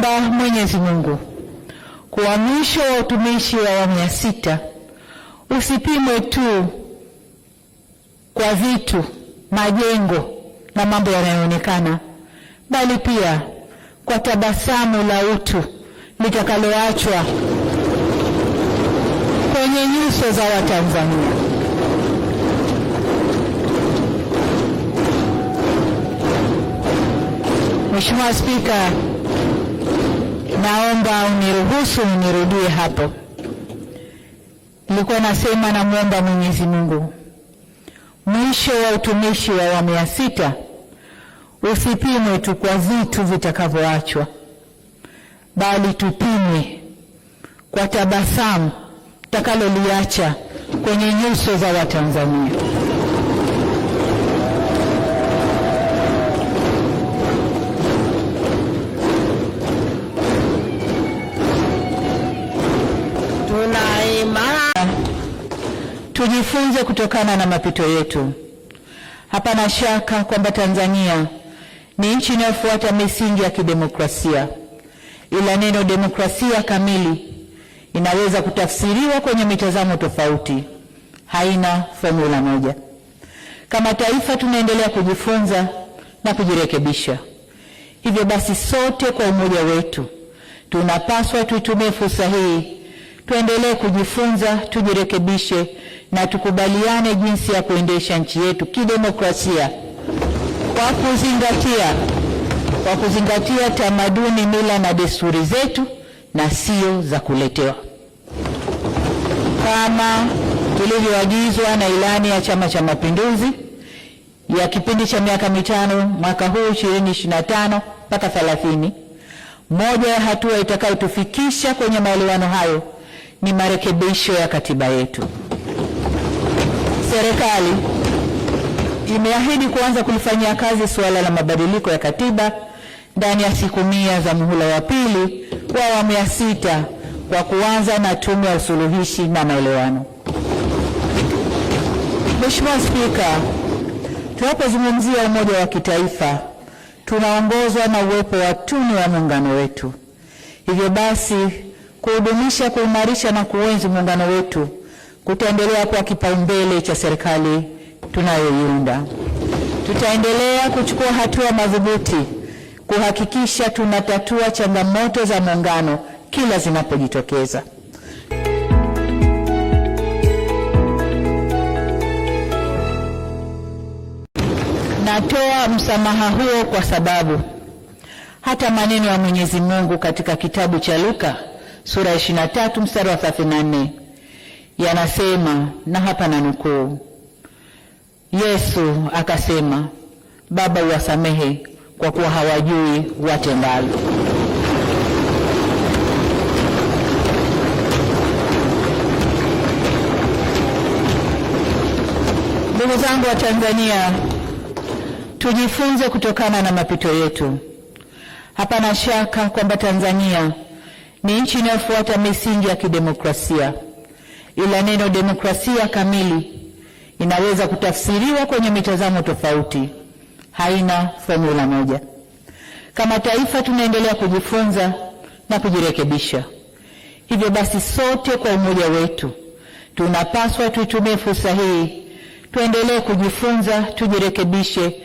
kumwomba Mwenyezi Mungu kuwa mwisho wa utumishi wa awamu ya sita usipimwe tu kwa vitu, majengo na mambo yanayoonekana, bali pia kwa tabasamu la utu litakaloachwa kwenye nyuso za Watanzania. Mheshimiwa Spika, Naomba uniruhusu nirudie hapo. Nilikuwa nasema, namwomba Mwenyezi Mungu mwisho wa utumishi wa awamu ya sita usipimwe tu kwa vitu vitakavyoachwa, bali tupimwe kwa tabasamu takaloliacha kwenye nyuso za Watanzania. Tujifunze kutokana na mapito yetu. Hapana shaka kwamba Tanzania ni nchi inayofuata misingi ya kidemokrasia, ila neno demokrasia kamili inaweza kutafsiriwa kwenye mitazamo tofauti, haina formula moja. Kama taifa tunaendelea kujifunza na kujirekebisha. Hivyo basi, sote kwa umoja wetu tunapaswa tuitumie fursa hii Tuendelee kujifunza, tujirekebishe na tukubaliane jinsi ya kuendesha nchi yetu kidemokrasia kwa kuzingatia, kwa kuzingatia tamaduni, mila na desturi zetu na sio za kuletewa kama tulivyoagizwa na ilani ya Chama cha Mapinduzi ya kipindi cha miaka mitano mwaka huu 2025 mpaka 30. Moja ya hatua itakayotufikisha kwenye maelewano hayo ni marekebisho ya katiba yetu. Serikali imeahidi kuanza kulifanyia kazi suala la mabadiliko ya katiba ndani ya siku mia za muhula wa pili wa awamu ya sita kwa kuanza na tume ya usuluhishi na maelewano. Mheshimiwa Spika, tunapozungumzia umoja wa kitaifa tunaongozwa na uwepo wa tunu ya muungano wetu, hivyo basi kuhudumisha, kuimarisha na kuenzi muungano wetu kutaendelea kuwa kipaumbele cha serikali tunayoiunda. Tutaendelea kuchukua hatua madhubuti kuhakikisha tunatatua changamoto za muungano kila zinapojitokeza. Natoa msamaha huo kwa sababu hata maneno ya Mwenyezi Mungu katika kitabu cha Luka sura ya 23 mstari wa 34 yanasema, na hapa na nukuu, Yesu akasema, Baba, uwasamehe kwa kuwa hawajui watendalo. Ndugu zangu wa Tanzania, tujifunze kutokana na mapito yetu. Hapana shaka kwamba Tanzania ni nchi inayofuata misingi ya kidemokrasia, ila neno demokrasia kamili inaweza kutafsiriwa kwenye mitazamo tofauti, haina fomula moja. Kama taifa tunaendelea kujifunza na kujirekebisha. Hivyo basi, sote kwa umoja wetu tunapaswa tuitumie fursa hii, tuendelee kujifunza, tujirekebishe.